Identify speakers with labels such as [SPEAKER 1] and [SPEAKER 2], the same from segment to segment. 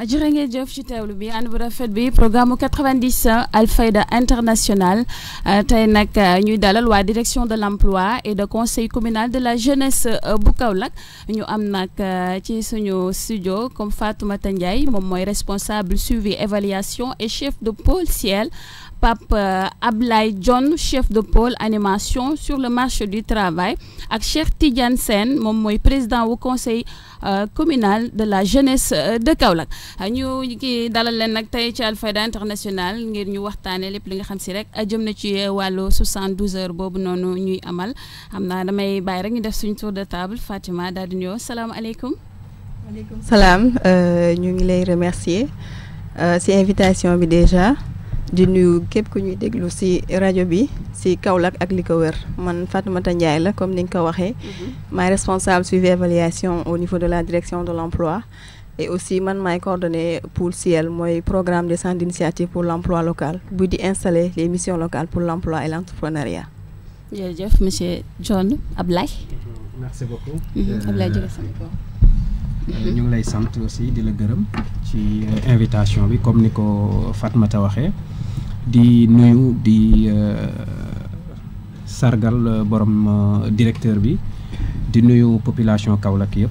[SPEAKER 1] Ah, jërë ngeen ci teewlu bi ànd bu bi programme 90 euh, Alfaida international euh, tay nak euh, ñuy dalal wa direction de l'emploi et de conseil communal de la jeunesse bu Nous ñu am nak ci suñu studio comme fatouma Ndiaye mom moy responsable suivi évaluation et chef de pôle ciel Pape euh, Ablaye John chef de pôle animation sur le marché du travail ak Cheikh Tidiane Sen mom moy président au conseil euh, communal de la jeunesse euh, de Kaolack ñu ki dalal len nak tay ci Alfayda international ngir ñu waxtane lepp li nga xam si rek jëm na ci walu 72 heures bobu nonu ñuy amal amna naa damay bàyyi rek ñu def suñu tour de table Fatima daal Salam nuyoo salaamaaleykum. salam salaam
[SPEAKER 2] ñu ngi lay remercier si invitation bi déjà di nuyu képp ku ñuy déglu si rajo bi si Kaolack ak li ko wër man Fatoumata Ndiaye la comme ni nga ko waxee. Mhm. maay responsable suivi évaluation au niveau de la direction de l'emploi. et aussi man maay coordonné pour CIEL mooy programme de centre d' initiative pour l'emploi local bu di installer les missions locales pour l'emploi et l'entrepreneuriat.
[SPEAKER 1] entrepreneuriat. jërëjëf monsieur John Ablaye.
[SPEAKER 3] merci beaucoup. Mhm, Ablaye jërëjëf. Euh, euh, ñu ngi lay sant aussi di la gërëm ci euh, invitation bi comme ni ko Fatmata waxee di nuyu di euh, sargal borom directeur bi di nuyu population Kaolack yëpp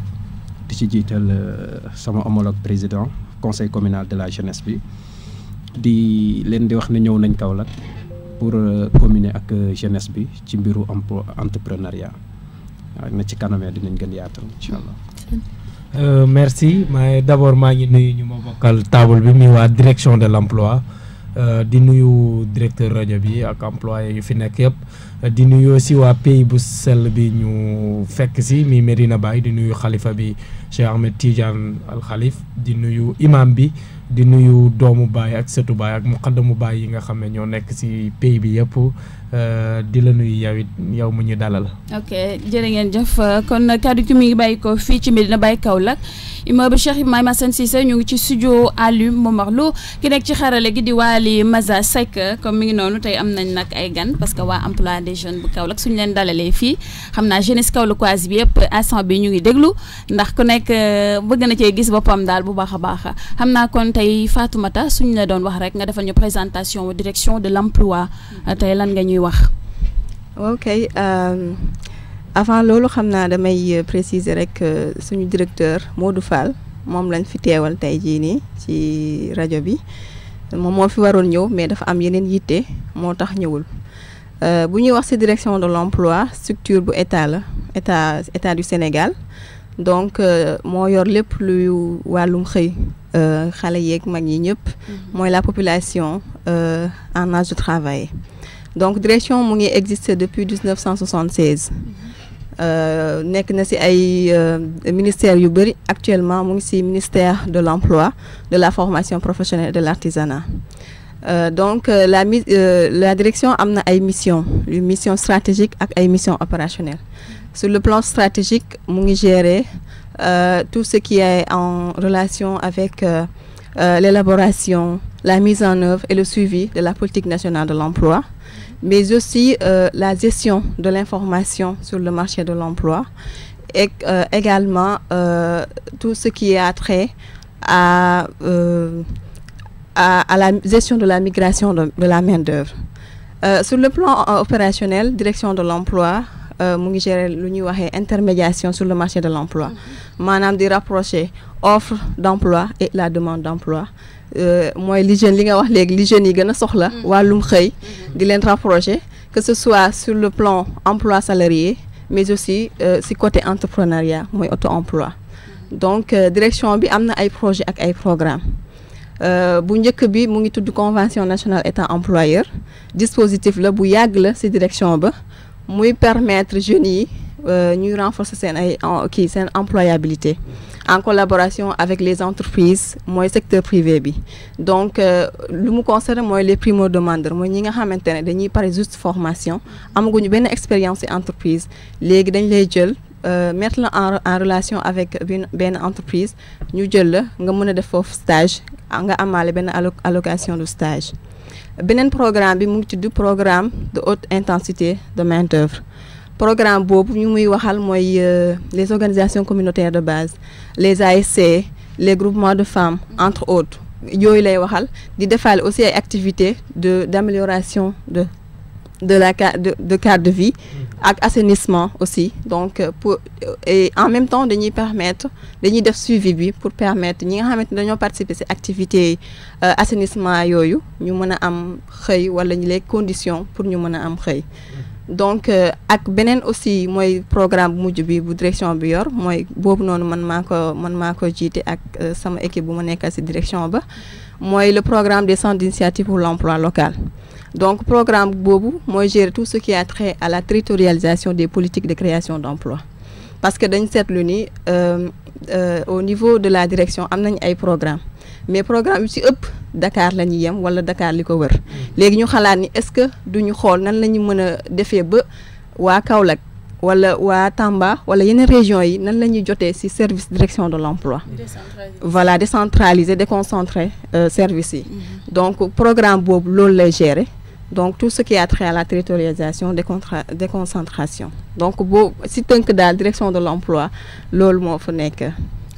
[SPEAKER 3] di ci jiital sama homologue président conseil communal de la jeunesse bi di leen di wax ne ñëw nañ Kaolack pour communer ak jeunesse bi ci mbiru entrepreneuriat na ci kanamee dinañ gën yaatal
[SPEAKER 4] incha allah Euh, merci mais d' abord maa ngi nuyu ñu ma bokkal table bi muy waa direction de l' emploi euh, di nuyu directeur rajo bi ak employé yu fi nekk yëpp euh, di nuyu aussi waa pays bu sell bi ñu fekk si mi Medina Baye di nuyu xalifa bi Cheikh Ahmed Tidiane Al di nuyu imam bi di nuyu doomu Baye ak sëtu Baye ak muqaddamu Baye yi nga xam ne ñoo nekk si pays bi yëpp Euh, di la nuyu yow it yow mu ñu dalal.
[SPEAKER 1] ok jërë ngeen jëf kon kaddu ci mu ngi bàyyi ko fii ci Medina Baye Kaolack immeuble Cheikh Ibrahima Assane Cissé ñu ngi ci studio Aliou Momar Lo ki nekk ci xarale gi di Wali Maza Seck comme mi ngi noonu tey am nañ nag ay gan parce que waa emploi des jeunes bu Kaolack suñu leen dalalee fii xam naa jeunesse kaolackoise bi yëpp instant bi ñu ngi déglu ndax ku nekk euh, bëgg na cee gis boppam daal bu baax a baax xam naa kon tey Fatoumata suñu la doon wax rek nga defal ñu présentation direction de l'emploi mm-hmm. tey lan nga ñuy ñuy wax
[SPEAKER 2] ok euh, avant loolu xam naa damay préciser rek suñu directeur Modou Fall moom lañ fi teewal tey jii nii ci rajo bi moom moo fi waroon ñëw mais dafa am yeneen yitte moo tax ñëwul euh, bu ñuy wax ci direction de l'emploi structure bu état la état état du Sénégal donc euh, moo yor lépp luy wàllum xëy xale yeeg mag yi ñëpp mm-hmm. mooy la population en âge de travail donc la direction existe depuis 1976 euh, nek na ci ay euh, ministère yu actuellement ministère de l'emploi de la formation professionnelle et de l'artisanat euh, donc la direction a une ay mission une mission stratégique et une mission opérationnelle sur le plan stratégique nous gère tout ce qui est en relation avec l'élaboration la mise en œuvre et le suivi de la politique nationale de l'emploi mais aussi euh, la gestion de l'information sur le marché de l'emploi et euh, également euh, tout ce qui est attrait à, la gestion de la migration de, de la main-d'œuvre. sur le plan opérationnel, direction de l'emploi euh, mu ngi gérer lu intermédiation sur le marché de l'emploi mm-hmm. maanaam di rapprocher offre d'emploi et la demande d'emploi euh, mooy li jeunes li nga wax léegi li jeunes yi gën a soxla mm-hmm. wàllum mm-hmm. di rapprocher que ce soit sur le plan emploi salarié mais aussi euh, si côté entrepreneuriat mooy auto emploi donc direction bi am na ay projet ak ay programme bu njëkk bi mu ngi tudd convention nationale état employeur dispositif la bu yàgg la direction ba muy permettre jeunes yi euh, ñuy renforcer seen ay employabilité en collaboration avec les entreprises mooy secteur privé bi donc euh, lu mu concerne mooy les primo demandeurs mooy ñi nga xamante ne dañuy pare juste formation amaguñu benn expérience ci entreprise léegi dañ lay jël euh, mettre en en relation avec benn entreprise ñu jël la nga mën a def foofu stage nga amaale allocation de stage benen programme bi mu programme de haute intensité de main d'œuvre programme pour euh, les organisations communautaires de base les ASC les groupements de femmes entre autres Il lay waxal aussi ay activités de d'amélioration de de, la, de, de cadre de vie mm-hmm. avec assainissement aussi donc euh, pour euh, et en même temps de nous permettre nous def suivi pour permettre ñi nga xamante ne dañoo participer ces activités euh, assainissement yoyu ñu mëna am xey wala ñu les conditions pour ñu mëna am xey mm-hmm. donc ak benen aussi moy programme bu mujj bi bu direction bi yor mooy boobu noonu man mako man mako jité jiite ak sama équipe bu ma nekkal ci direction ba moy mm-hmm. le programme des centres d'initiative pour l'emploi local donc programme Bobo gère tout ce qui a trait à la territorialisation des politiques de création d'emplois, parce que dans cette lune, euh, euh, au niveau de la direction y a ay programme mais programme programmes, up Dakar ou ñuy yem Dakar li wër mm. ñu est-ce que duñu xool nan la choses ou a à ba ou Kaolack wala Tamba wala une région yi nan la service direction de l'emploi voilà décentraliser déconcentrer euh, service yi mm-hmm. donc programme Bobo, loolu lay gère donc tout ce qui a trait à la territorialisation déconcentration donc bon, si dans la direction de l'emploi loolu n'est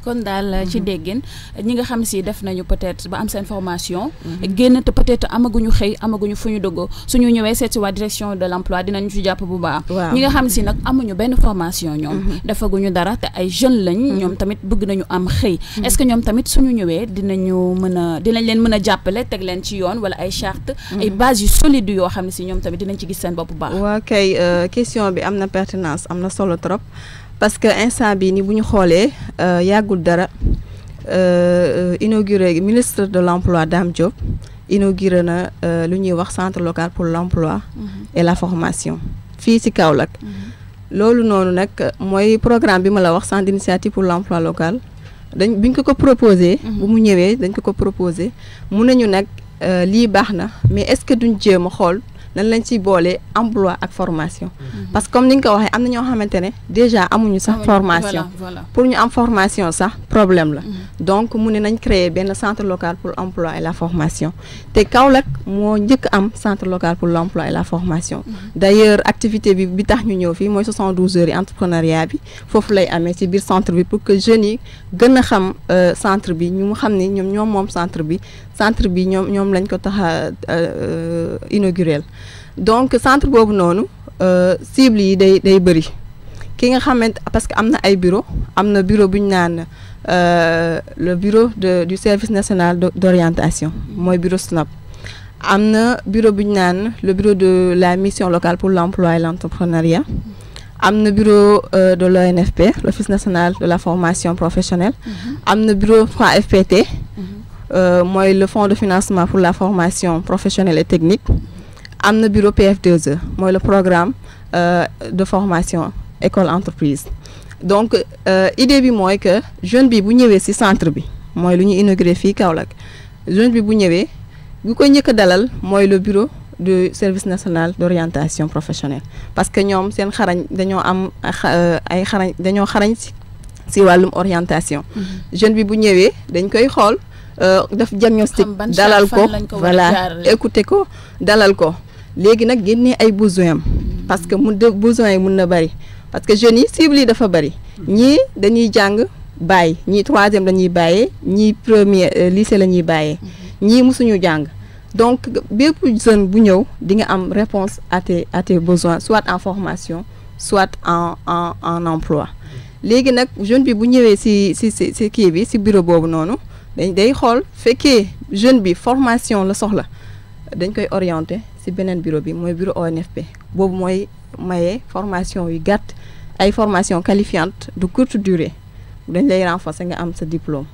[SPEAKER 1] kon daal mhm. ci déggin ñi nga xam si def nañu peut ba am seen formation mhm. génn te peut-être amaguñu xëy amaguñu fu ñu dugg suñu ñëwee seet waa direction de l'emploi dinañu ci jàpp bu baax ñi nga xam si nag amuñu benn formation ñoom mhm. defaguñu dara te ay jeunes lañ ñoom tamit bëgg nañu am xëy est-ce que ñoom tamit suñu ñëwee dinañu mën a dinañ leen mën a jàppale teg leen ci yoon wala ay charte ay bases yu solides yoo xam ne si ñoom tamit dinañ ci gis seen bopp bu baax
[SPEAKER 2] waaw kay euh, question bi am na pertinence am na solo trop parce que instant bi ni faire. xolé le inauguré ministre de l'emploi Dame Diop inauguré euh, le centre local pour l'emploi mhm. et la formation physique. ci Kaolack mhm. programme bi d'initiative pour l'emploi local dañ proposé mhm. bu mu dañ ko euh, mais est-ce que duñ jëm xol nan lañ ci d'emploi emploi ak formation mhm. parce que comme ni nga ko waxee am na ñoo déjà amuñu sax formation pour ñu am formation sax problème la mhm. donc mu ne nañ créer le centre local pour l'emploi et la formation té kaolak mo ñëk am centre local pour l'emploi et la formation mhm. d'ailleurs activité bi bi tax ñu ñëw fi 72 heures d'entrepreneuriat. entrepreneuriat bi fofu lay amé ci biir centre pour que jeunes yi gën a xam euh, centre bi ñu xam centre bi centre bi lañ ko euh, donc centre boobu noonu euh, cible yi day day ki nga parce que am bureau bureau euh, le bureau du service national d'orientation le bureau SNAP Il bureau le bureau de la mission locale pour l'emploi et l'entrepreneuriat a le bureau euh, de l'ONFP l'office national de la formation professionnelle mm-hmm. am le bureau 3FPT mm-hmm. le fonds de financement pour la formation professionnelle et technique am na bureau PF2E le programme euh, de formation école entreprise donc euh, idée bi que jeune bi bu centre bi moi lu ñu inauguré jeune bi bu dalal moi le bureau du service national d'orientation professionnelle parce que ñoom seen xarañ am euh, ay xarañ xarañ orientation mm-hmm. jeune bi bu dañ koy diagnostic dalal ko voilà ko dalal ko léegi nak génnee ay besoin parce que besoin besoin yi mun parce que jeunes yi cible dafa bari ñi dañuy bay troisième dañuy premier euh, lycée la de ñi donc bëpp jeune bu ñëw di nga am réponse à tes à tes besoins soit en formation soit en en en emploi léegi nak jeune bi bu si si si si bi si bureau bobu nonu dañ day xol féké jeune bi formation la soxla dañ koy orienté si beneen bureau bi mooy bureau ONFP boobu mooy maye formation yu gàtt ay formation qualifiante de courte durée dañ lay renforcer nga am sa diplôme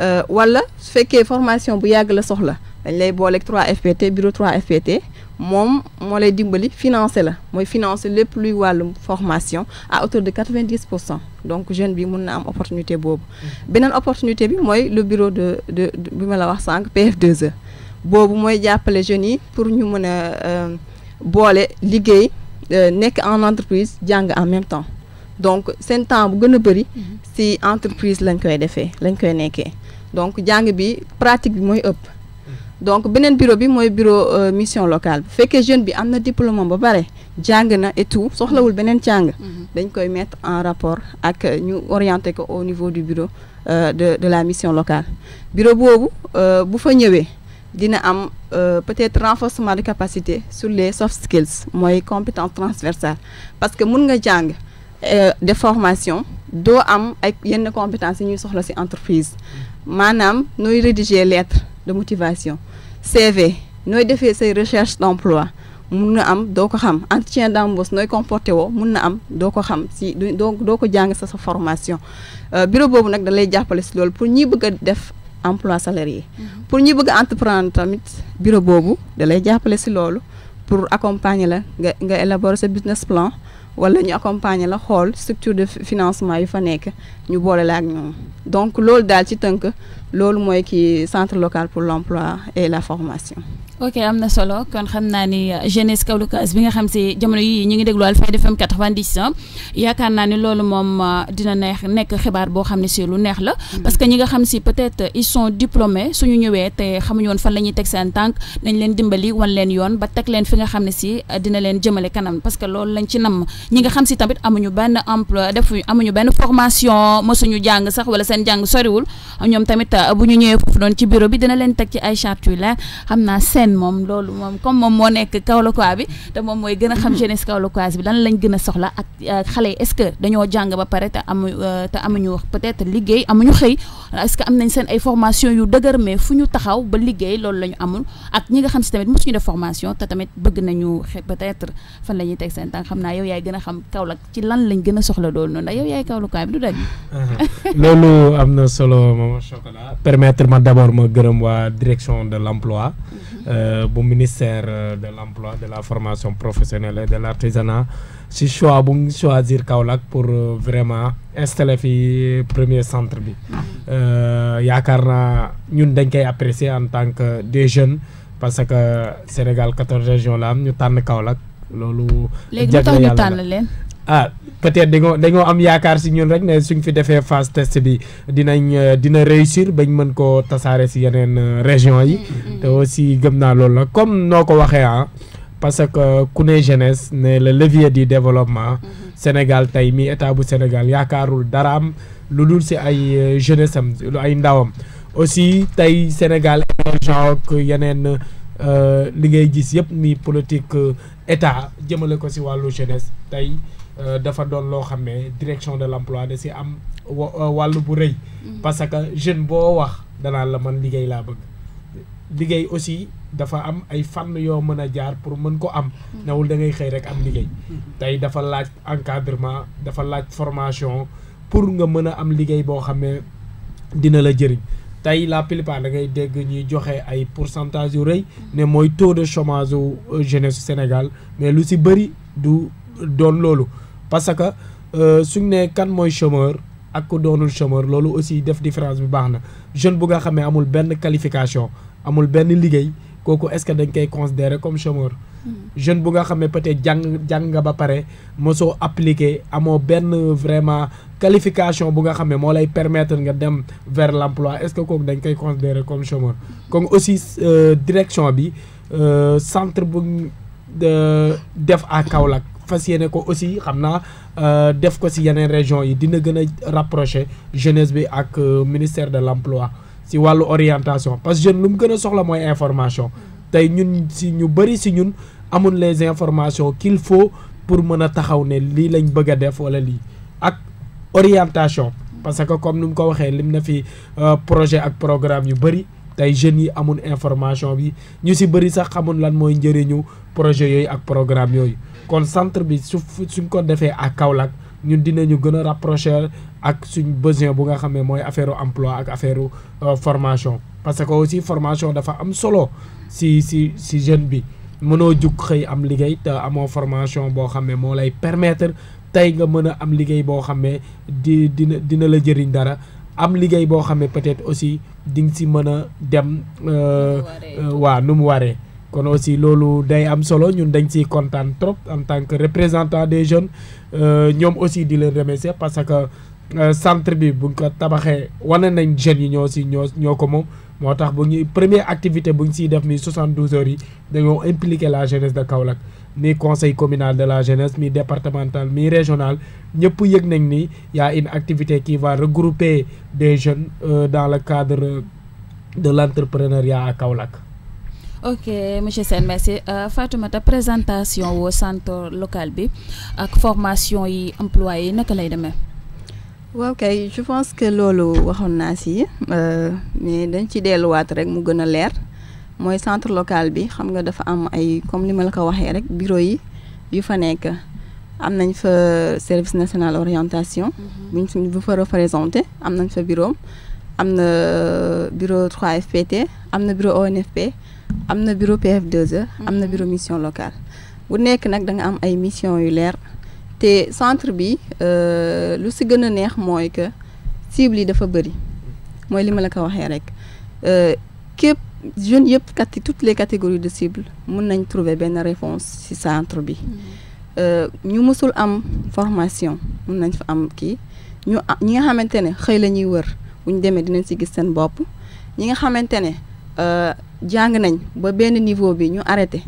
[SPEAKER 2] euh, wala su fekkee formation bu yàgg la soxla dañ lay booleeg 3FPT bureau 3FPT moom moo lay dimbali financé la mooy financé lépp luy wàllum formation à hauteur de 90 pour cent donc jeune bi mun na am opportunité boobu mmh. beneen opportunité bi mooy le bureau de de bi ma la wax sànq PF2E boobu moy jappalé jeune yi pour ñu mëna a euh, bolé liggéey euh, nek en entreprise jang en même temps donc sen temps bu gëna a bëri mm-hmm. si entreprise lañ koy défé lañ koy nekkee donc jang bi pratique bi mooy ëpp mm-hmm. donc benen bureau bi moy bureau euh, mission locale bu jeune bi amna diplôme ba paré jang na et tout soxlawul benen jàng mm-hmm. dañ koy mettre en rapport ak ñu orienté ko au niveau du bureau de de la mission locale bureau euh, bu fa ñëwé dina am euh, peut-être renforcement de capacité sur les soft skills moy compétences transversales. parce que mun nga jàng euh, de formation do am ay yenn compétence ñuy soxla ci entreprise manam noy rédiger lettre de motivation CV noy défé say recherche d'emploi mun nga am doo ko xam entretien d'embauche noy comporté wo mun na am doo ko xam si donc doo ko sa formation euh, bureau bobu nak da lay jàppale si pour ñi bëgg def emploi salarié. pour ñi bëgg entreprendre tamit bureau bobu da lay jàppale si pour accompagner la nga élaborer sa business plan wala ñu accompagner la xool structure de financement yu fa nekk ñu bolé la ak ñoom donc loolu dal ci tënk loolu mooy ki centre local pour l'emploi et la formation.
[SPEAKER 1] ok am na solo kon xam naa ni euh, jeunesse Kaolackaise bi nga xam si jamono yii ñu ngi déglu de FM 90 yaakaar naa ni loolu moom euh, dina neex nekk xibaar boo xam ne si lu neex la. Mm-hmm. parce que ñi nga xam si peut-être euh, ils sont diplômés suñu ñëwee te xamuñu woon fan la ñuy teg seen tànk nañ leen dimbali wan leen yoon ba teg leen fi nga xam ne si dina leen jëmale kanam parce que loolu lañ ci nam ñi nga xam si tamit amuñu benn emploi defuñu amuñu benn formation mosuñu jàng sax wala seen jàng soriwul ñoom tamit. Euh, bu ñu ñëwee foofu noonu ci bureau bi dina leen teg ci ay chartes yu xam naa seen moom loolu moom comme moom moo nekk Kaolackois bi te moom mooy gën a xam mm-hmm. jeunesse Kaolackoise bi a soxla ak euh, xale dañoo jàng ba pare te euh, wax peut-être amuñu xëy est-ce am nañ seen ay formation yu dëgër mais fu ñu taxaw ba liggéey loolu la ñu amul ak ñi nga xam si tamit mosuñu def formation te tamit bëgg nañu peut-être fan la ñuy teg seen tànk xam naa yow yaay gën a xam Kaolack ci lan lañ gën a soxla loolu noonu ndax yow yaay Kaolackois bi du daj mm-hmm.
[SPEAKER 4] loolu am na solo mama chocolat permettre ma d'abord ma gërëm wa direction de l'emploi au euh, ministère euh, de l'emploi de la formation professionnelle et de l'artisanat si choix bu choisir kaolak pour euh, vraiment installer fi premier centre bi yaakaar naa ñun dañ apprécier en tant que des jeunes parce que Sénégal 14 régions la région ñu sommes Kaolack lolu léegi tax ah peut-être dañoo dañoo am yaakaar si ñun rek ne suñ fi defee phase test bi dinañ euh, dina réussir bañ mën koo tasaare si yeneen euh, région yi. Mm, mm, mm. te aussi gëm naa loolu la comme noo ko waxee ah. parce que ku ne jeunesse ne le levier du développement. Mm-hmm. Sénégal tey mi état bu Sénégal yaakaarul dara am lu dul si ay euh, jeunesse am lu ay ndawam. aussi tey Sénégal émergent ak yeneen li ngay gis yëpp mi politique état jëmale ko si wàllu jeunesse tey. Euh, dafa doon loo xam ne direction de l'emploi da si am euh, wàllu bu rëy mm-hmm. parce que jeune boo wax danaa la man liggéey laa bëgg liggéey aussi dafa am ay fànn yoo mën a jaar pour mën ko am mm-hmm. newul da ngay xëy rek am liggéey mm-hmm. tey dafa laaj encadrement dafa laaj formation pour nga mën a am liggéey boo xam ne dina la jëriñ tey la plupart da ngay dégg ñuy joxe ay pourcentage yu rëy ne mooy taux de chômage euh, jeunesse Sénégal mais lu si bëri du doon loolu parce que euh, suñ ne kan mooy chômeur ak ko doonul chômeur loolu aussi def différence bi baax na jeune bu nga xam amul benn qualification amul benn liggéey kooku est-ce que dañ koy considérer comme chômeur hmm. jeune bu nga pas ne peut-être jàng jàng nga ba pare mosoo appliqué amoo benn vraiment qualification bu nga xam ne moo lay permettre nga dem vers l'emploi est-ce que kooku dañ koy considérer comme chômeur kon aussi euh, direction bi euh, centre bu def à Kaolack fas ko aussi xam naa euh, def ko si yeneen région yi dina gën a rapprocher jeunesse bi ak euh, ministère de l'emploi si wàllu orientation parce que jeune lu mu gën a soxla mooy information tey ñun si ñu bëri si ñun amul les informations qu'il faut pour mën a taxaw ne lii lañ bëgg a def wala lii ak orientation parce que comme ni mu ko waxee lim na fi euh, projet ak programme yu bëri tey jeunes yi amul information bi ñu si bëri sax xamul lan mooy njëriñu projet yooyu ak programme yooyu kon centre bi su suñ ko defee ak Kaolack ñun dinañu gën a rapprocher ak suñ besoin bu nga xamee mooy affaire emploi ak affaire euh, formation parce que aussi formation dafa am solo si si si jeune bi mënoo jug xëy am liggéey te amoo formation boo xam ne moo lay permettre tey nga mën a am liggéey boo xam ne di dina dina la jëriñ dara am liggéey boo xam ne peut-être aussi di nga si mën a dem waa euh, nu mu waree euh, kon aussi loolu day am solo ñun dañ ciy en tant que représentant des jeunes euh, ñoom aussi di le remercier parce que euh, centre bi buñ ko tabaxee wane nañ jeunes yi ñoo si ñoo ko moom bu première activité buñ siy def mi 72 heures yi la jeunesse de Kaolack mi conseil communal de la jeunesse mi départemental mi régional ñëpp yëg nañ ni y a une activité qui va regrouper des jeunes euh, dans le cadre de l'entrepreneuriat à Kaolack
[SPEAKER 1] ok monsieur Sen, merci euh, Fatoumata présentation au centre local bi ak formation yi employé yi naka lay demé Ok, je pense
[SPEAKER 2] que lolo, waxon naa si euh, mais dañ ci wat rek mu gëna lèr moy centre local bi xam nga dafa am ay comme li la ko waxé rek bureau yi yu fa nek am nañ fa service national orientation. Mhm. buñ suñu bu fa représenté am nañ fa bureau amna euh, bureau 3FPT amna bureau ONFP amna bureau PF2E. amna mhm. bureau mission locale. bu nek nak da nga am ay mission yu leer té centre bi euh lu ci gëna neex moy que cible yi dafa bëri moy li la ko waxé rek euh képp jeune yépp kat toutes les catégories de cible mun nañ trouver ben réponse ci centre bi. Mhm. euh ñu mësul am formation mun nañ fa am ki ñu ñi nga xamante xey lañuy wër buñ démé dinañ ci gis seen bop ñi nga xamante euh jang nañ ba benn niveau bi ñu arrêté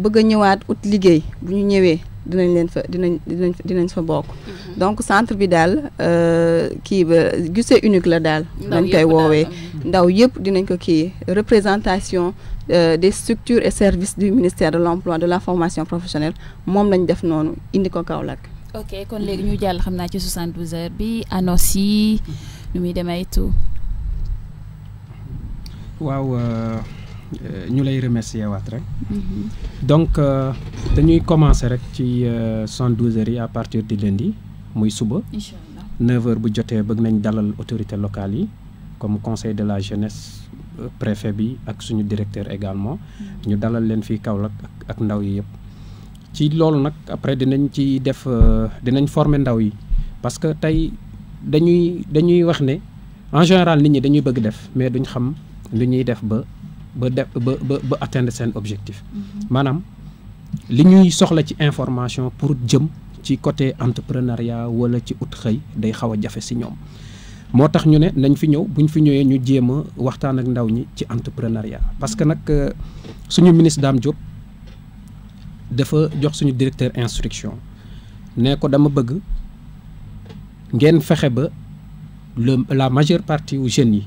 [SPEAKER 2] bëgg a ñëwaat ut liggéey bu ñu ñëwee dinañ leen fa dinañ dinañ dinañ fa bokk. Mhm. donc centre bi daal euh, kii ba guichet unique la daal. dañ koy woowee mhm. ndaw yëpp dinañ ko kii représentation euh, des structures et services du ministère de l'emploi de la formation professionnelle moom lañ def noonu
[SPEAKER 1] indi ko Kaolack. ok kon léegi ñu jàll xam naa ci 72 heures bi annonce yi nu muy demee tout.
[SPEAKER 3] waaw. Euh, euh, ñu lay remercier waat rek. Mhm. donc euh, dañuy commencer rek ci 112 euh, heures à partir di lundi muy suba. incha 9 h bu jotee bëgg nañ dalal autorités locales yi comme conseil de la jeunesse préfet bi ak suñu directeur également. Mhm. ñu dalal leen fii Kaolack ak ndaw yi yëpp. ci loolu nag après dinañ ci def dinañ former ndaw yi parce que tey dañuy dañuy wax ne en général nit ñi dañuy bëgg def mais duñ xam lu ñuy def ba ba de ba ba ba atteindre seen objectif mhm. maanaam li ñuy soxla ci information pour jëm ci côté entrepreneuriat wala ci ut xëy day xaw a jafe si ñoom moo tax ñu ne nañ fi ñëw buñ fi ñëwee ñu jéem a waxtaan ak ndaw ñi ci entrepreneuriat parce que nag euh, suñu ministre Dame Diop dafa jox suñu directeur instruction nee ko dama bëgg ngeen fexe ba le la majeure partie wu jeunes yi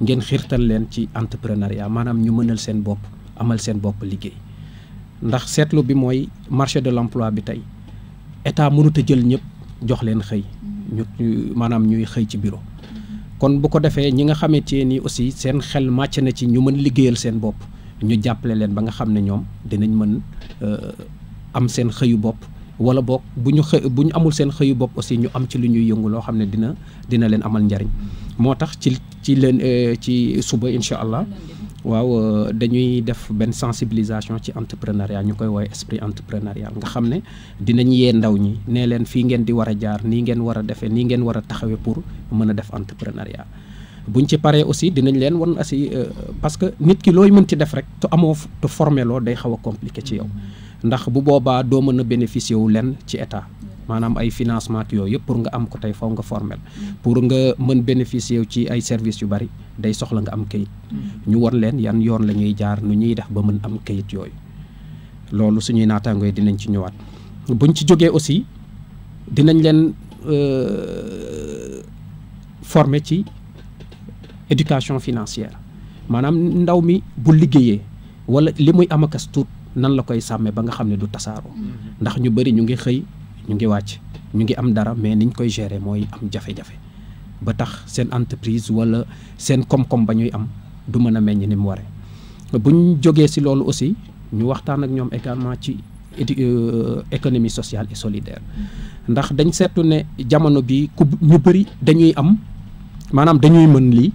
[SPEAKER 3] ngeen xiirtal leen ci entrepreneuriat maanaam ñu mënal seen bopp amal seen bopp liggéey ndax seetlu bi mooy marché de l'emploi bi tey état mënut jël ñëpp jox leen xëy ñu maanaam ñuy xëy ci bureau kon bu ko defee ñi nga xamante nii aussi seen xel màcc na ci ñu mën liggéeyal seen bopp ñu jàppale leen ba nga xam ne ñoom dinañ mën euh, am seen xëyu bopp wala boog bu ñu xë bu ñu amul seen xëyu bopp aussi ñu am ci lu ñuy yëngu loo xam ne dina dina leen amal njariñ ci leen euh, ci suba incha allah waaw euh, dañuy def benn sensibilisation ci entrepreneuriat ñu koy woowee esprit entrepreneurial nga xam ne dinañ yee ndaw ñi nee leen fii ngeen di war a jaar nii ngeen war a defee nii ngeen war a taxawee pour mën a def entrepreneuriat buñ ci paree aussi dinañ leen wan aussi euh, parce que nit ki looy mën ci def rek te amoo te formé loo day xaw a compliqué ci yow ndax bu boobaa doo mën a bénéficier wu leen ci état. manam ay financement yooyu pour nga am ko tay faw nga formel pour nga meun bénéficier ci ay service yu bari day soxla nga am kayit hmm. ñu won leen yan yoon la ñuy jaar nu ñuy def ba meun am kayit yoy lolu suñuy naataangoo yi dinañ ci ñëwaat buñ ci joggé aussi dinañ leen euh, former ci éducation financière manam ndaw mi bu liggéeyee wala limuy muy amakas tuut nan la koy samé ba nga xamné du tassaro hmm. ndax ñu bari ñu ngi xey ñu ngi wacc ñu ngi am dara mais niñ koy gérer moy am jafe-jafe ba tax sen entreprise wala sen kom kom ba ñuy am du mëna meñ ni mu waré buñ joggé ci lolu aussi ñu waxtaan ak ñom également ci euh, économie sociale et solidaire ndax dañ sétu né jamono bi ku ñu bëri dañuy am manam dañuy mën li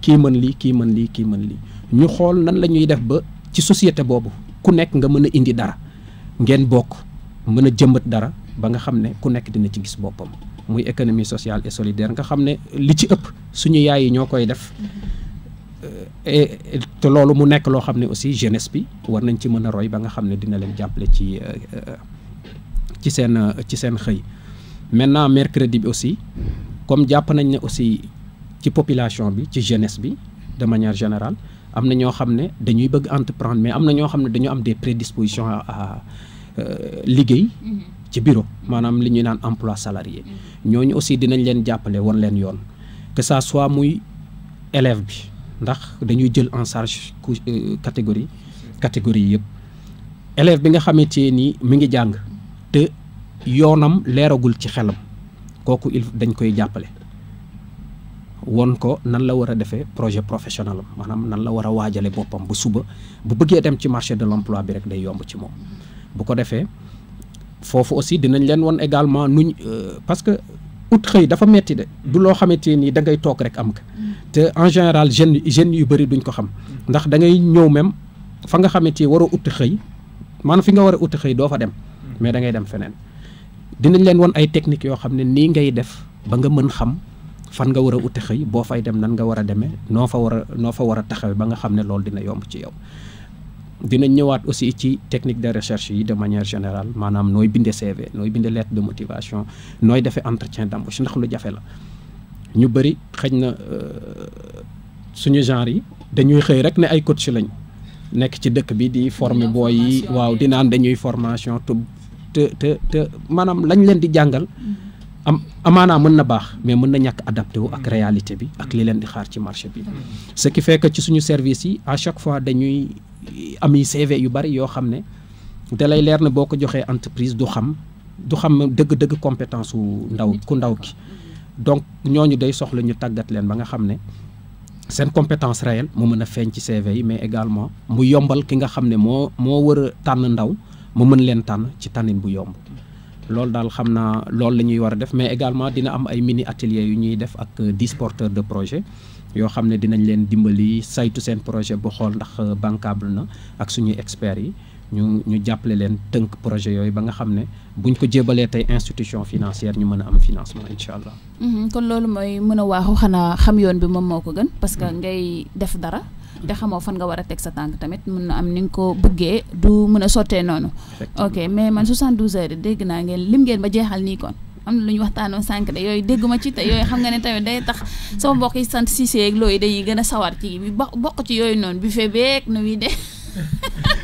[SPEAKER 3] kii mën li kii mën li kii mën li ñu xol nan lañuy def ba ci société bobu ku nek nga mëna indi dara ngeen bok mën a jëmbat dara ba nga xam ne ku nekk dina ci gis boppam muy économie sociale et solidaire nga xam ne li ci ëpp suñu yaay yi ñoo koy def mm-hmm. eh, te loolu mu nekk loo xam ne aussi jeunesse bi war nañ ci mën a roy ba nga xam ne dina leen jàppale ci euh, euh, ci seen euh, ci seen xëy maintenant mercredi bi aussi comme jàpp nañ ne aussi ci population bi ci jeunesse bi de manière générale am na ñoo xam ne dañuy bëgg entreprendre mais am na ñoo xam ne dañu am des prédispositions à Euh, liggéey ci bureau maanaam li ñuy naan emploi salarié ñooñu aussi dinañ leen jàppale wan leen yoon que ça soit muy élève bi ndax dañuy jël en charge euh, catégorie catégorie yëpp élève bi nga xamante ni mi ngi jàng te yoonam leeragul ci xelam kooku il dañ koy jàppale won ko nan la war a defee projet professionnel am maanaam nan la war a waajale boppam bu suba bu bëggee dem ci marché de l'emploi bi rek day yomb ci moom bu ko defee foofu aussi dinañ leen won également nuñ euh, parce que ut xëy dafa metti de du loo xamante ni da ngay toog rek am ka te en général jeunes jeunes yu bëri duñ ko xam ndax da ngay ñëw même fa nga xamante ni waroo ut xëy maanaam fi nga war a ut xëy doo fa dem mais da ngay dem feneen dinañ leen won ay technique yoo xam ne nii ngay def ba nga mën xam fan nga war a ut xëy boo fay dem nan nga war a demee noo fa war a noo fa war a taxawee ba nga xam ne loolu dina yomb ci yow dinañ ñëwaat aussi ci technique de recherche yi de manière générale maanaam nooy binde CV nooy binde lettre de motivation nooy defee entretien d'embauche ndax lu jafe la ñu bëri xëj na euh, suñu genre yi dañuy xëy rek ne ay coach lañ nekk ci dëkk bi di former boy yi waaw di naan dañuy formation te te te maanaam lañ leen di jàngal mm-hmm. am amaanaa mën na baax mais mën na ñàkk adapté wu ak mm-hmm. réalité bi ak li leen di xaar ci marché bi mm-hmm. ce qui fait que ci suñu service yi à chaque fois dañuy am CV yu bari yoo ne da lay leer ne boo ko entreprise du xam du xam compétence ndaw ku ndaw ki donc ñooñu day soxla ñu tàggat leen ba nga xam ne compétence réelle mu mën mais également mu yombal ki nga ndaw ci bu yomb mais également dina mini atelier yu ñuy def porteurs de projet yoo xam ne dinañ leen dimbali saytu seen projet bu xool ndax euh, bancable na ak suñu experts yi ñu ñu jàppale leen tënk projet yooyu ba nga xam ne bu ñu ko jébalee tey institution financière ñu mën a am financement incha allah.
[SPEAKER 1] Mm-hmm. kon loolu mooy mën a waaxu xanaa xam yoon bi moom moo ko gën. parce que mm-hmm. ngay def dara. te xamoo fan nga war a teg sa tànk tamit mën na am ni nga ko bëggee du mën a sottee noonu. ok mais man 72 heures dégg naa ngeen lim ngeen ba jeexal nii kon. am na lu ñu waxtaanoo sànq de yooyu dégguma ci te yooyu xam nga ne tamit day tax sama mbokk yi sant Cissé ak looyu dañuy gën a sawar ci bi bokk ci yooyu noonu bu fee beeg nu muy de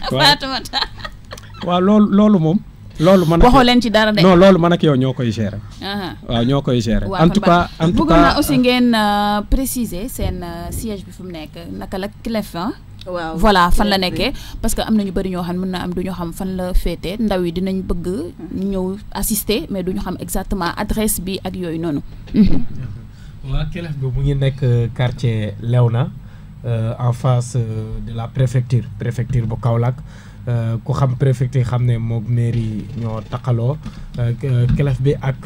[SPEAKER 1] Fatoumata
[SPEAKER 3] waaw loolu loolu moom loolu mën waxoo leen
[SPEAKER 1] ci dara de non loolu
[SPEAKER 3] man ak yow ñoo koy gérer waaw ñoo koy gérer en tout cas tout cas bëgg naa
[SPEAKER 1] aussi euh, ngeen euh, préciser seen euh, siège bi fu mu nekk naka la CLEF waaw voilà fan la nekkee parce que am na ñu bëri ñoo xam ne mën naa am duñu xam fan la féetee ndaw yi dinañ bëgg hmm. ñëw assister mais duñu xam exactement adresse bi ak yooyu noonu. Hmm.
[SPEAKER 4] waa Kelef bi mu ngi nekk euh, quartier Léona euh, en face euh, de la préfecture préfecture bu Kaolack ku xam préfecture xam ne moom mairie ñoo taqaloo Kelef bi ak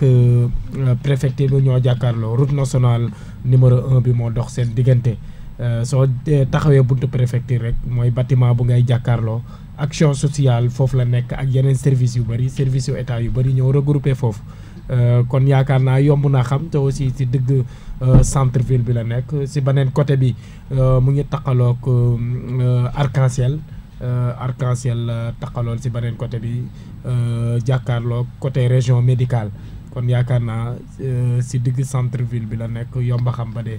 [SPEAKER 4] préfecture bi ñoo jàkkaarloo route nationale numéro 1 bi moo dox seen diggante. Eh, soo eh, taxawee buntu préfecture rek mooy bâtiment bu ngay jàkkaarloo action sociale foofu la nekk ak yeneen service yu bari service yu état yu bëri ñëw regroupé foofu eh, kon yaakaar naa yomb naa xam te aussi ci dëgg centre ville bi la nekk ci beneen côté bi mu ngi taqaloog arc-en-ciel arc-en-ciel taqalool ci beneen côté bi jàkkaarloog côté région médicale kon yaakaar ci dëgg centre ville bi la nekk yomb xam ba dee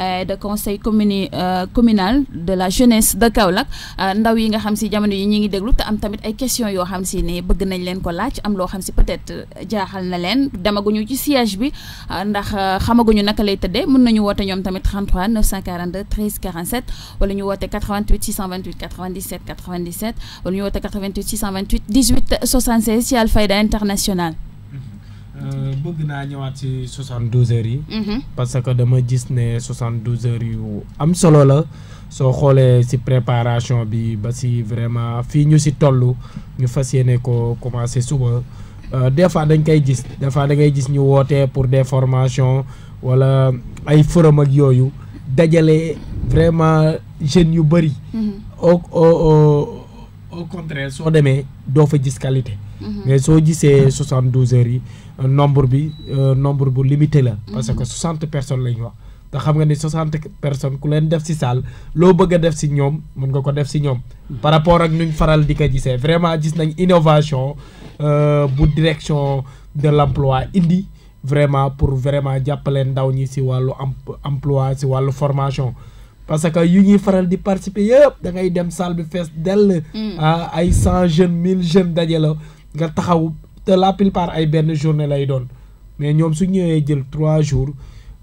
[SPEAKER 1] et eh, de conseil communi euh, communal de la jeunesse de Kaolack eh, ndaw yi nga xam si jamono yi ñi ngi déglu te am tamit ay questions yoo xam si ne bëgg nañ leen ko laaj am loo xam si peut-être euh, jaaxal na leen demaguñu ci siège bi eh, ndax euh, xamaguñu naka lay tëddee mën nañu woote ñoom tamit 33 942 13 47 wala ñu woote 88 628 97 97 wala ñu woote 88 628 18 76 ci Alfayda international
[SPEAKER 4] Euh, bëgg naa ñëwaat ci soixante douze heures yi. Mhm. parce que dama gis ne soixante douze heures yu am solo la soo xoolee ci préparation bi ba si vraiment fii ñu si toll ñu fas yéene ko commencé suba euh, des fois dañ koy gis des fois da ngay gis ñu wootee pour des formation walla ay forum ak yooyu dajale vraiment jeunes yu bëri. Mhm. au au contraire soo demee doo fa gis qualité. Mhm. mais soo gisee soixante douze heures yi. Euh, nombre bi euh, nombre bu limité mhm. parce que 60 personnes sont ñu wax. da xam nga 60 personnes ku leen def ci salle loo bëgg def ci par rapport ak nuñ faral di ko c'est vraiment gis nañ innovation euh, bu direction de l'emploi indi. vraiment pour vraiment jàppale ndaw ñi ci wàllu emploi ci wàllu formation parce que yu ñuy faral di participer yëpp da ngay dem salle bi fees dell. Mm. Ah, ay jeunes 1000 jeunes dajelo nga te la plupart ay benn journée lay doon mais ñoom su ñëwee jël trois jours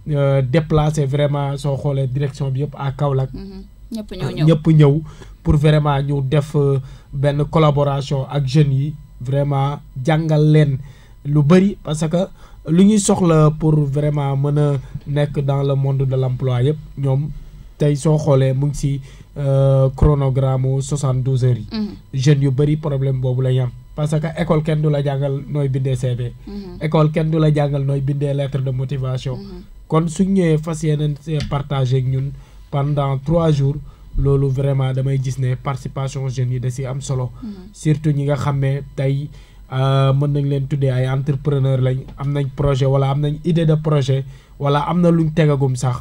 [SPEAKER 4] euh, déplacé vraiment soo xoolee direction bi yëpp à Kaolack. Mhm. ñëpp ñëw pour vraiment ñu def euh, benn collaboration ak jeunes yi vraiment jàngal leen lu bëri parce que lu ñuy soxla pour vraiment mën a nekk dans le monde de l'emploi yëpp ñoom tey soo xoolee mu ngi ci euh, chronogramme 72 heures yi. Mhm. jeunes yu bëri problème boobu la gens parce que école kenn du la jàngal nooy bindee CV. Mhm. école kenn du la jàngal nooy bindee lettre de motivation. Mhm. kon suñ ñëwee fas yeneen partagé ak ñun pendant trois jours loolu vraiment damay gis ne participation jeunes yi da si am solo. Mhm. surtout ñi nga xam ne tey euh, mën nañ leen tuddee ay entrepreneur lañ am nañ projet wala am nañ idée de projet wala am na luñ tegagum sax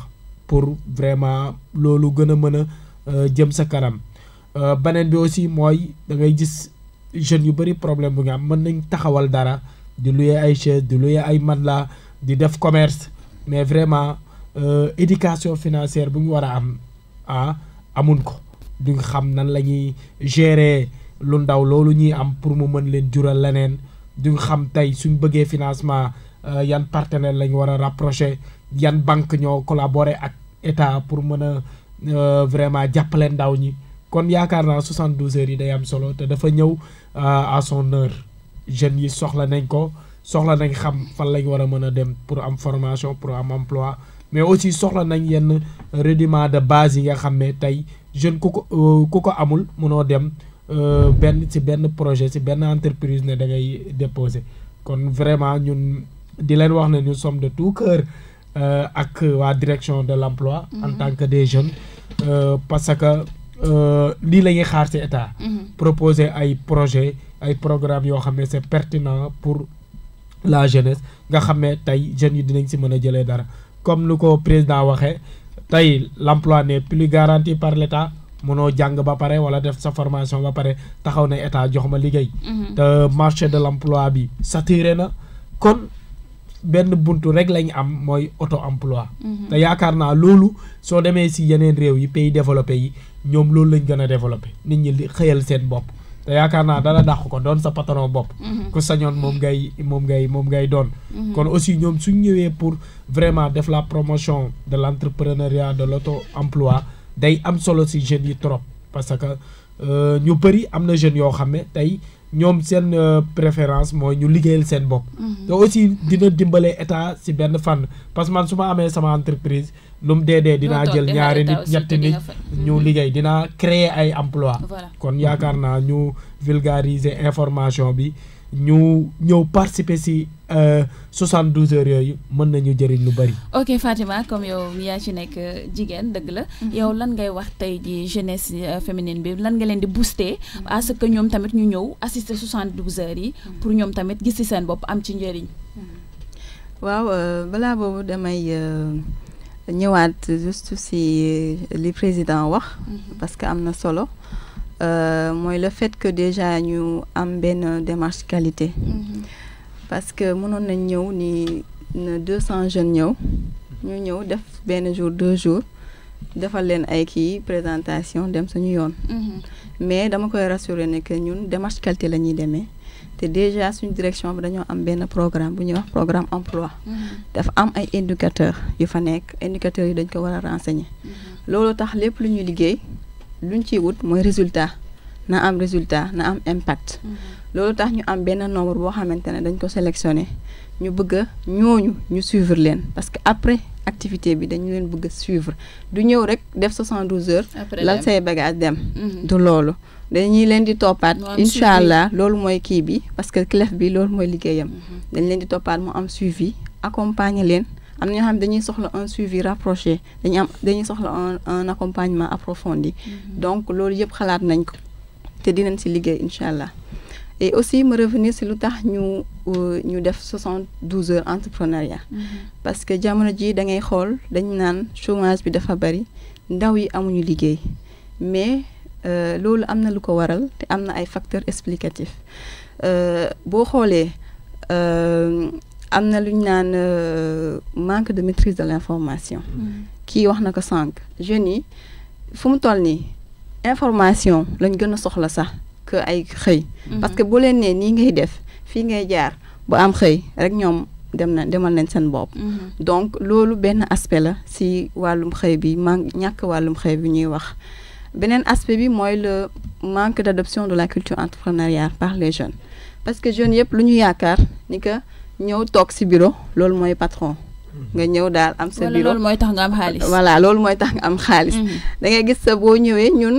[SPEAKER 4] pour vraiment loolu gën a mën a euh, jëm sa kanam euh, beneen bi aussi mooy da ngay gis. jeune yu bari problème bu nga am mën nañ taxawal dara di louer ay chaise di louer ay matelas di def commerce mais vraiment euh, éducation financière bu ñu war a am ah amun ko duñ xam nan la ñuy gérer lu ndaw loolu ñuy am pour mu mën leen jural leneen duñ xam tey suñ bëggee financement euh, yan partenaire lañ war a rapproché yan banque ñoo collaborer ak état pour mën a euh, vraiment jàppale ndaw ñi kon yaakaar naa 72 heures yi day am solo te dafa ñëw euh, à son heure jeunes yi soxla nañ ko soxla nañ xam fan lañ war a mën a dem pour am formation pour am emploi mais aussi soxla nañ yenn rudiment de base yi nga xam ne tey jeune ku ko euh, ku ko amul mënoo dem euh, benn ci benn projet ci benn entreprise ne da ngay déposer kon vraiment ñun di leen wax ne ñu sommes de tout cœur ak waa direction de l'emploi en mhm. tant que des jeunes parce que Euh, lii la ñuy xaar ci état. Mhm. proposé ay projet ay programme yoo xam ne c'est pertinent pour la jeunesse nga xam ne tey jeunes yi dinañ si mën a jëlee dara comme lu ko président waxee tey l'emploi n'est plus garanti par l'état mënoo jàng ba pare wala def sa formation ba pare taxaw na état jox ma liggéey. Mhm. te marché de l'emploi bi saturé na kon. benn buntu rek lañ am mooy auto emploi. Mhm. te yaakaar naa loolu soo demee ci yeneen réew yi pays développé yi ñoom loolu lañ gën a développé nit ñi li xëyal seen bopp te yaakaar naa dara dàq ko doon sa patron bopp mhm. ku sañoon moom ngay moom ngay moom ngay doon mhm. kon aussi ñoom suñ ñëwee pour vraiment def la promotion de l' entrepreneuriat de l' auto emploi day am solo si jeunes yi trop parce que euh, ñu bëri am na jeunes yoo xam ne tey ñoom seen euh, préférence mooy ñu liggéeyal seen bopp. Mm-hmm. te aussi dina dimbale état si benn fànn parce que man su ma amee sama entreprise lu mu dee dee dinaa jël ñaari nit ñetti nit ñu mm-hmm. liggéey dina créer ay emploi kon yaakaar naa ñu vulgariser information bi ñu ñëw participer si 72 euh, heures yooyu mën nañu jëriñ
[SPEAKER 1] ok Fatima comme yow yaa ci nekk euh, jigéen dëgg la. Mhm. yow lan ngay wax tey ji jeunesse euh, féminine bi lan nga booster. à ce que ñoom tamit ñu ñëw assister 72 heures yi. Mhm. pour ñoom tamit gis ci seen bopp am ci njëriñ. Mhm.
[SPEAKER 2] waaw balaa boobu damay ñëwaat juste wax. parce que solo. mooy le fait que déjà ñu am benn démarche qualité parce que mënoon nañ ñëw ni 200 jeunes ñëw. ñu ñëw def ben jour deux jours defal len ay ki présentation dem suñu yoon. Mhm. mais dama koy rassurer ne que ñun démarche qualité lañuy démé té déjà suñu direction bi dañoo am ben programme bu ñu wax programme emploi. Mhm. daf am ay éducateurs yu fa nek éducateurs yi dañ ko wara a renseigner. Mhm. loolu tax lepp lu ñuy liggéey luñ ci wut moy résultat na am résultat na am impact loolu tax ñu am benn nombre boo xamante ne dañ ko sélectionné ñu bëgg a ñooñu ñu suivre leen parce que après activité bi dañu leen bëgg a suivre du ñëw rek def 72 heures. lan say bagage dem. Mhm. du loolu dañuy leen di toppaat. incha allah loolu mooy kii bi parce que CLEF bi loolu mooy liggéeyam. Mhm. dañ leen di toppaat mu am suivi accompagner leen. am na ñoo xam dañuy soxla un suivi rapproché dañuy am dañuy soxla un un accompagnement approfondi mhm. donc loolu yëpp xalaat nañ ko te dinañ si liggéey incha allah et aussi me revenir sur le euh, def 72 heures entrepreneuriat. Mhm. parce que jamono ji da ngay chômage bi dafa bari yi mais euh, loolu amna lu ko waral facteurs explicatifs euh, manque de maîtrise de l'information. qui mhm. wax information lañ que ay xëy. Mhm. parce que boo leen nee nii ngay def fii ngay jaar bu am xëy rek ñoom dem na demal nañ seen bopp. Mhm. donc loolu benn aspect la si wàllum xëy bi man ñàkk wàllum xëy bi ñuy wax. beneen aspect bi mooy le manque d' adoption de la culture entrepreneuriale par les jeunes parce que jeunes yëpp lu ñu yaakaar ni que ñëw toog si bureau loolu mooy patron. Mhm. nga ñëw daal am sa bureau loolu mooy
[SPEAKER 1] tax nga am xaalis.
[SPEAKER 2] voilà loolu mooy tax nga am xaalis. da ngay gis sa boo ñëwee ñun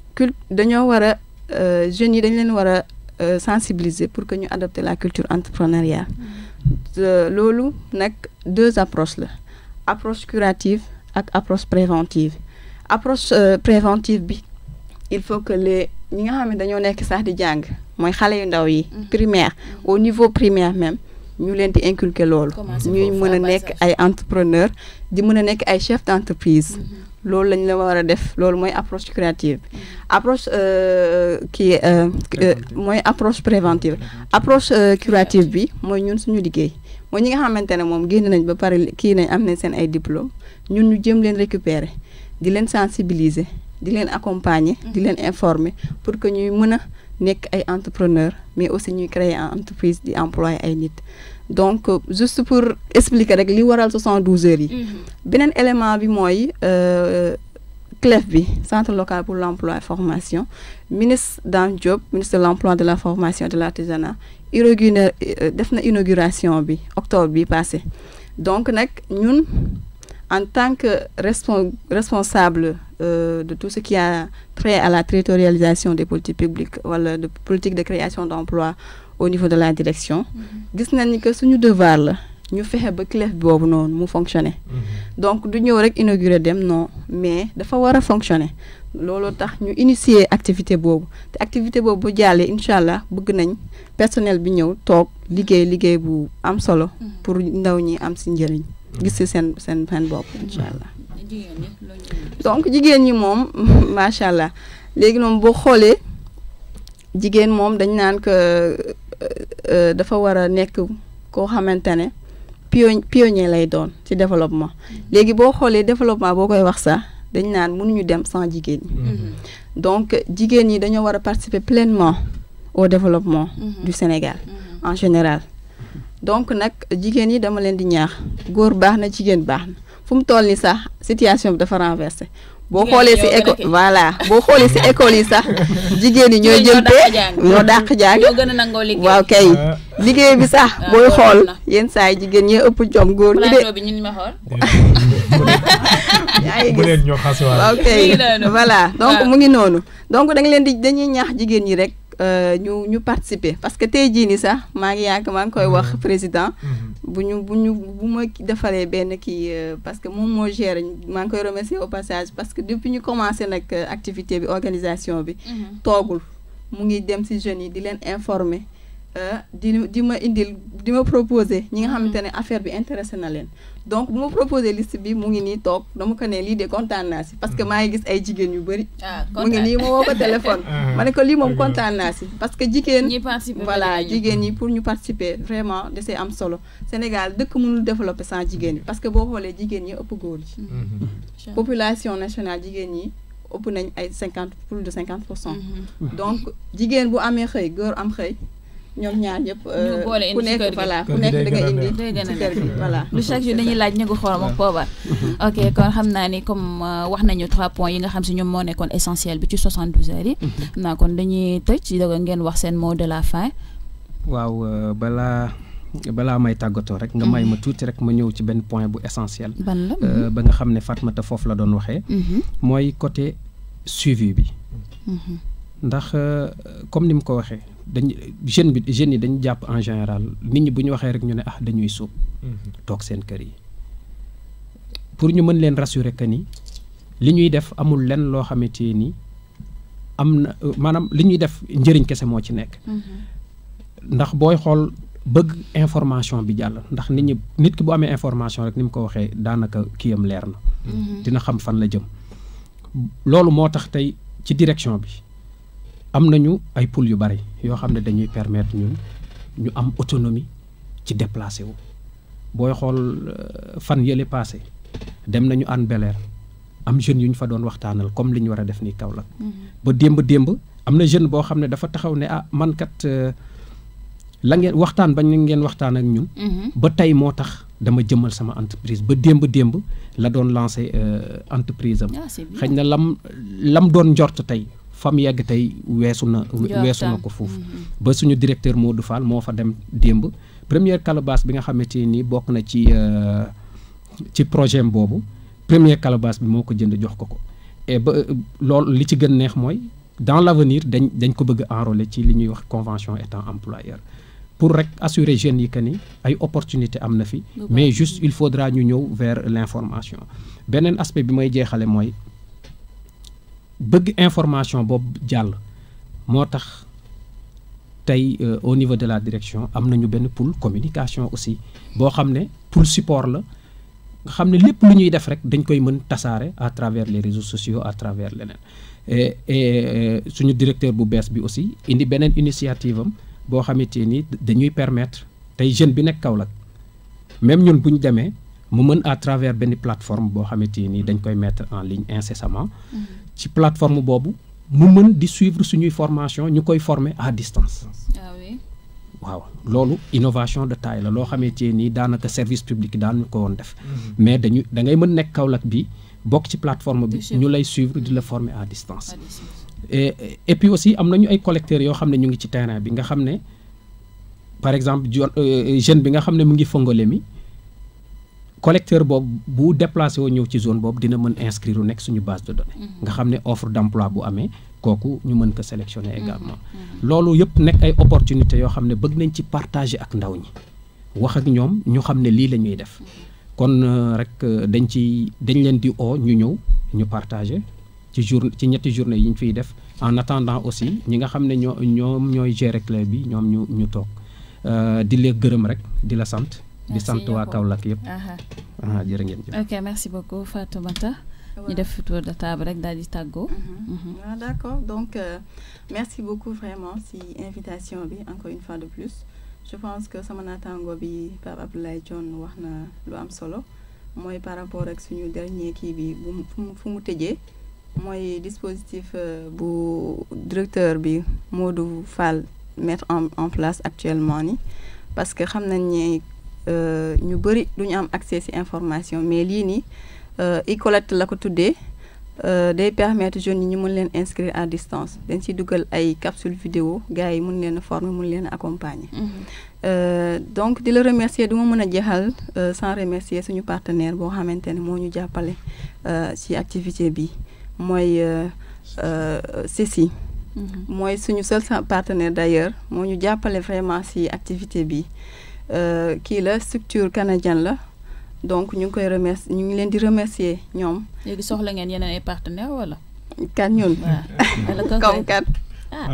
[SPEAKER 2] Nous dañoo war euh, jeunes yi euh, sensibiliser pour que ñu adopter la culture entrepreneuriale
[SPEAKER 1] mm-hmm.
[SPEAKER 2] euh, loolu nag deux approches la approche curative ak approche préventive approche préventive bi il faut que les ñi nga xam ne dañoo nekk sax di jàng mooy mm-hmm. primaire au niveau primaire même ñu leen di inculquer loolu ñuy mën a nekk ay entrepreneur di mën a ay chef d'entreprise mm-hmm loolu lañ la war a def loolu mooy approche créative approche qui, euh, euh, euh, mooy approche préventive approche euh, curative bi mooy ñun suñu liggéey mooy ñi nga xamante ne moom génn nañ ba pare kii nañ am nañ seen ay diplôme ñun ñu jëm leen récupérer di leen sensibiliser di leen accompagner di mm. leen informer pour que ñuy mën nous ay entrepreneur mais aussi ñuy créer en entreprise di et ay donc euh, juste pour expliquer rek li waral 72 heures yi un mhm. élément bi moi, euh, CLEF centre local pour l'emploi et formation ministre d'un job ministre de l'emploi de la formation de l'artisanat a euh, def na inauguration en octobre passé donc nous, ñun en tant que responsable euh, de tout ce qui a trait à la territorialisation des politiques publiques wala de politique de création d'emplois au niveau de la direction nous mm-hmm. nañ que suñu devoir nous ñu fexe ba CLEF boobu mu fonctionner mm-hmm. donc nous ñëw rek inaugurer dem non mais il faut fonctionner Lolo tax ñu initier activité bobu té activité bobu bu inshallah, bëgg nañ personnel bi ñëw tok liggéey liggéey bu am solo mm-hmm. pour ndaw ñi am ci gis si seen seen bob, bopp incha mm-hmm. allah. donc jigéen ñi moom macha allah léegi moom boo xoolee jigéen moom dañ naan que euh, euh, dafa war a nekk koo xamante ne pion pionnier lay doon ci développement mm-hmm. léegi boo xoolee développement boo koy wax sax dañ naan mënuñu dem sans jigéen ñi. Mm-hmm. donc jigéen ñi dañoo war a participer pleinement au développement du Sénégal en général. donc nag jigéen yi dama leen di ñaax góor baax na jigéen baax na fu mu toll ni sax situation bi dafa renversé boo xoolee si école voilà boo xoolee si école yi sax jigéen yi ñoo jël pee ñoo dàq jaag waaw kay ah. liggéey bi sax ah, booy xool yenn saa yi jigéen ñee ëpp jom góor ñi de
[SPEAKER 4] waaw kay voilà donc
[SPEAKER 2] mu ngi noonu donc da leen di dañuy ñaax jigéen ñi rek nous euh, ñu participer parce que tay jii dit sax maa ngi yàgg maa ngi koy wax mm-hmm. président.
[SPEAKER 5] Mm-hmm.
[SPEAKER 2] bu ñu bu ñu euh, parce que moom moo ngi au passage parce que depuis ñu commencé nag euh, activité bi organisation bi. Mm-hmm. toogul mu ngi dem informer. Euh, di di ma indil di ma proposé ñi nga mm-hmm. xamante ne affaire bi intéressé na leen donc bu ma proposé liste bi mu ngi nii toog dama ko ne lii de kontaan naa si parce que mm-hmm. maa ngi gis ay jigéen yu bëri ah, mu ngi nii ma woo ko téléphone ah. ma ne ko lii moom kontaan naa si parce que jigéen voilà jigéen yi pour ñu participer vraiment de see am solo Sénégal dëkk mënul développer sans jigéen parce que boo xoolee jigéen yi ëpp góor yi mm-hmm. population nationale jigéen yi ëpp nañ ay 50 plus de cinquante pour cent donc jigéen bu amee xëy góor am xëy ñoom ñaar ñëpp. ñu euh, boole indi ci kër gi ku nekk voilà indi
[SPEAKER 1] ci kër gi voilà. lu chaque jour dañuy laaj ñëgu xorom ak ok kon xam naa ni comme euh, wax nañu trois points yi nga xam si ñoom moo nekkoon essentiel bi ci 72 heures yi. Mhm. xam naa kon dañuy tëj da ngeen wax seen mot de la fin.
[SPEAKER 3] waaw euh, balaa. balaa may tàggatoo rek nga may ma mhm. tuuti rek ma ñëw ci benn point bu essentiel ban la mhm. ba nga xam ne Fatmata foofu la doon waxee mooy côté suivi bi ndax euh, comme ni mu ko waxee dañ jeune bi jeunes yi dañu jàpp en général nit ñi bu ñu waxee rek ñu ne ah dañuy suub mhm. toog seen kër yi pour ñu mën leen rassurer que ni li ñuy def amul lenn loo xamante ni am na euh, maanaam li ñuy def njëriñ kese moo ci nekk mhm. ndax booy xool bëgg information bi jàll ndax nit ñi nit ki bu amee information rek ni mu ko waxee daanaka kiyam leer na mhm. dina xam fan la jëm loolu moo tax tey ci direction bi am nañu ay pool yu bari yoo xam ne dañuy permettre ñun ñu am autonomie ci déplacer wu booy xool euh, fan yële passé dem nañu an beler, am jeune yu ñu fa doon waxtaanal comme li ñu war a def nii Kaolack mm-hmm. ba démb démb am na jeune boo xam ne dafa taxaw ne ah man kat euh, la ngeen waxtaan bañ ngeen waxtaan ak ñun mm-hmm. ba tey moo tax dama jëmmal sama entreprise ba démb démb la doon lancé euh, entreprise am ah, xëy na lam lam doon njort tey fa mu yegg tey weesu na weesu na ko foofu mm-hmm. ba suñu directeur Modou Fall moo fa dem démb première calebasse bi nga xamante ni bokk na ci euh, ci projet boobu premier calebasse bi moo ko jënd jox ko ko et ba euh, loolu li ci gën neex mooy dans l' avenir dañ dañ ko bëgg enrôler ci li ñuy wax convention étant employeur pour rek assurer jeune yi que ni ay opportunité am na fi mais juste il faudra ñu ñëw vers l' information beneen aspect bi may jeexale mooy bëgg information boobu jàll moo tax euh, au niveau de la direction am nañu benn communication aussi boo xam ne support la nga xam ne lépp lu ñuy def rek dañ koy mën tasaare à travers les réseaux sociaux à travers leneen et et euh, suñu directeur bu bees bi aussi indi beneen initiative am boo xamante ni dañuy permettre tey jeune bi nekk même ñun bu ñu demee mu mën à travers benn plateforme boo xamante ni dañ koy mettre en ligne incessamment mm-hmm plateforme boobu mu mën di suivre suñuy formation à distance ah waaw loolu innovation de taille la loo ni dans daanaka service public daan le ko mhm. mais dañu da ngay mën bi plateforme bi ñu suivre la former à distance et puis aussi am nañu ay collecteurs yoo xam ñu ngi ci par exemple euh, jeune bi nga xam mu ngi collecteur boobu bu déplacé woo ñëw ci zone boobu dina mën inscrire u nekk suñu base de données mm-hmm. nga xam ne offre d'emploi bu amee kooku ñu mën ko sélectionner mm-hmm. également mm-hmm. loolu yëpp nekk ay opportunité yoo xam ne bëgg nañ ci partager ak ndaw ñi wax ak ñoom ñu xam ne lii lañuy def kon euh, rek euh, dañ ci dañ leen di oo ñu ñëw ñu partager ci jour ci ñetti journée yi ñu fiy def en attendant aussi ñi nga xam ne ñoo ñoom ñooy gérer club bi ñoom ñu ñu toog euh, di la gërëm rek di la sant di sant waa Kaolack yëpp. jërë jëf.
[SPEAKER 1] ok merci beaucoup Fatoumata. ñu def tour de table rek daal di tàggoo. Mhm. Mhm. Ah,
[SPEAKER 2] d' donc euh, merci beaucoup vraiment si invitation bi encore une fois de plus. je pense que sama naataango bi Pape Abdoulaye John wax na lu am solo mooy par rapport ak suñu dernier kii bi bu fu mu tëjee mooy dispositif euh, bu directeur bi Modou Fall mettre en place actuellement ni parce que xam nañ ne euh, ñu bari du am accès ci information mais lii nii euh, e-collecte la ko tuddee euh, day permettre jeunes yi ñu mën leen inscrire à distance dañ ciy dugal ay capsule vidéo gars yi mën leen former mën leen a accompagner. Mhm. donc di la remercier duma ma mën a jeexal sans remercier suñu partenaire boo xamante ne moo ñu jàppale ci activité bi mooy CECI. Mhm. mooy suñu seul partenaire d'ailleurs moo ñu jàppale vraiment ci activité bi. Euh, kii la structure canadien la donc ñu ngi koy remercier ñu ngi leen di remercier ñoom.
[SPEAKER 1] léegi soxla ngeen yeneen ay partenaires wala. kan ñun. waaw comme kat. Ah.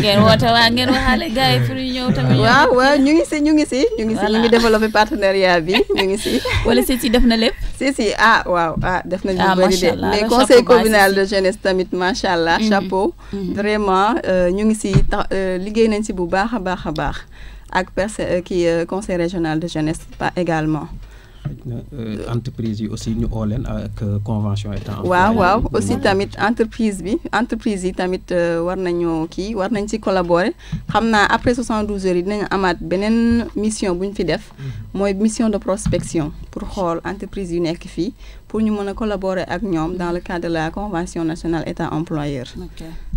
[SPEAKER 1] ngeen woote waa ngeen waxaale gars yi pour ñu ñëw tamit. waaw waaw ñu ngi
[SPEAKER 2] si ñu ngi si. ñu ngi si ñu ngi développé partenariat bi ñu ngi si. wala si si def na lépp. si si ah waaw ah def nañu lu bëri de mais conseil communal de jeunesse tamit macha allah mhm. chapeau. Mhm. vraiment euh, ñu ngi si tax euh, liggéey nañ si bu baax a baax a baax. ak perce euh, euh, conseil régional de jeunesse pas également.
[SPEAKER 3] Euh, entreprise aussi nous oo avec ak convention état. Wow wow aussi
[SPEAKER 2] tamit entreprise bi entreprise yi tamit war nañu qui war nañ ci collaborer xamna après 72 heures yi dinañ amaat benen mission buñ fi def. Mm-hmm. mission de prospection pour xol entreprise yu nekk fi pour nous avec collaborer avec dans le cadre de la convention nationale état employeur.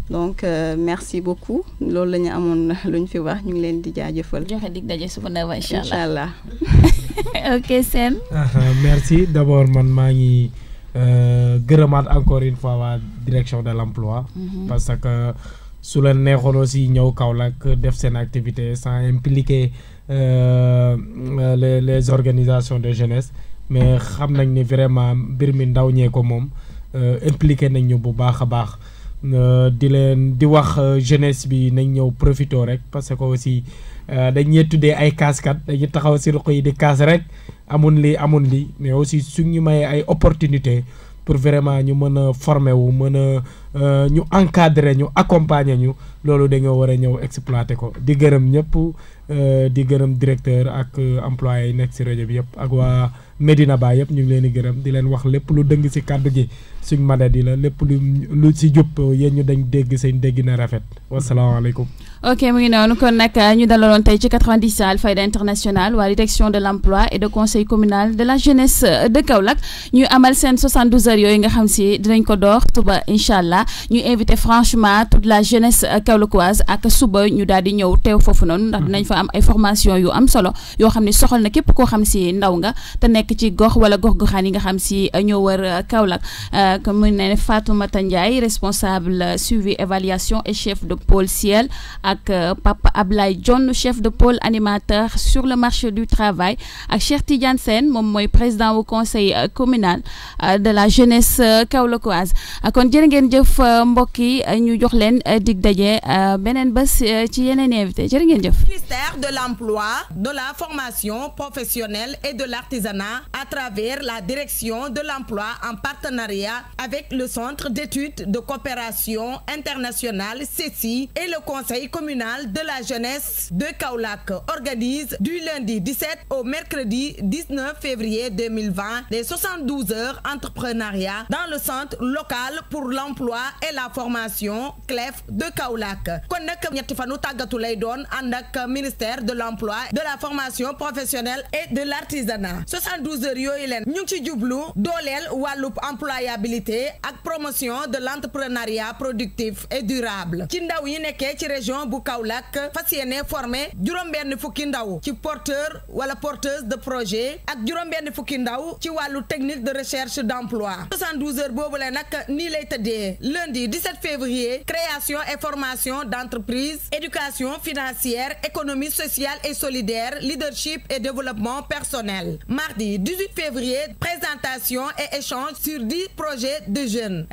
[SPEAKER 2] donc euh, merci beaucoup loolu la ñu amoon fi wax ñu ngi leen di jaajëfal. daje
[SPEAKER 1] ok sen.
[SPEAKER 4] merci d'abord je man maa euh, encore une fois la direction de l'emploi mhm. parce que sous le nez aussi avons que def sen activité sans impliquer euh, les les organisations de jeunesse. mais xam nañ ni vraiment mbir mi ndaw ñee ko moom euh, impliqué nañ ñu bu baax a baax euh, di leen di wax euh, jeunesse bi nañ ñëw profité rek parce que aussi dañ ñee tuddee ay kaaskat dañu taxaw si ruq yi di kaas rek amun lii amun lii mais aussi su ñu mayee ay opportunité pour vraiment ñu mën a former wu mën a ñu encadrer ñu accompagner ñu loolu dañoo war a ñëw exploiter ko di gërëm ñëpp di gërëm directeur ak employé yi nekk si rajo bi yëpp ak waa. Medina Baye yëpp ñu ngi leen di gërëm di leen wax lépp lu dëng si kàddu gi suñ mandat yi la lépp lu lu si jub yéen ñu dañ dégg seen dégg na rafet wasalaamaaleykum. ok
[SPEAKER 1] mu ngi noonu kon nag euh, ñu dalaloon tey ci 90 Alfayda International waa direction de l' emploi et de conseil communal de la jeunesse de Kaolack ñu amal seen 72 heures yooyu nga xam si dinañ ko door suba incha allah ñu invité franchement toute la jeunesse euh, kaolackoise ak suba ñu daal di ñëw teew foofu noonu. ndax dinañ fa am ay formation yu am solo yoo xam ne soxal na képp koo xam si ndaw nga nekk ci gox wala gox-goxaan nga xam si eh, ñoo wër eh, Kaolack eh, comme ne Fatoumata Ndiaye responsable suivi évaluation et chef de pôle ciel ak Papa Ablaye John chef de pôle animateur sur le marché du travail ak Cheikh Tidiane Sène moom mooy président au conseil communal de la jeunesse kaolackoise kon jërë ngeen jëf mbokk yi ñu jox leen dig dajé benen bés ci yeneen invité jërë ngeen jëf ministère
[SPEAKER 5] de l'emploi de la formation professionnelle et de l'artisanat à travers la direction de l'emploi en partenariat avec le Centre d'études de coopération internationale CECI et le Conseil communal de la jeunesse de Kaulak. organise du lundi 17 au mercredi 19 février 2020 des 72 heures entrepreneuriat dans le centre local pour l'emploi et la formation CLEF de Kaulak. ministère de l'emploi de la formation professionnelle et de l'artisanat 12 heures Nous leen ñu ci employabilité ak promotion de l'entrepreneuriat productif et durable ci ndaw yi nekkee ci région bu Kaolack fas formé ou ben fukki ndaw ci porteur wala porteuse de projet ak juróom ben fukki ndaw ci walu technique de recherche d'emploi. 72 heures lundi 17 février création et formation d'entreprise, éducation financière économie sociale et solidaire leadership et développement personnel mardi 18 février, présentation et échange sur 10 projets de jeunes.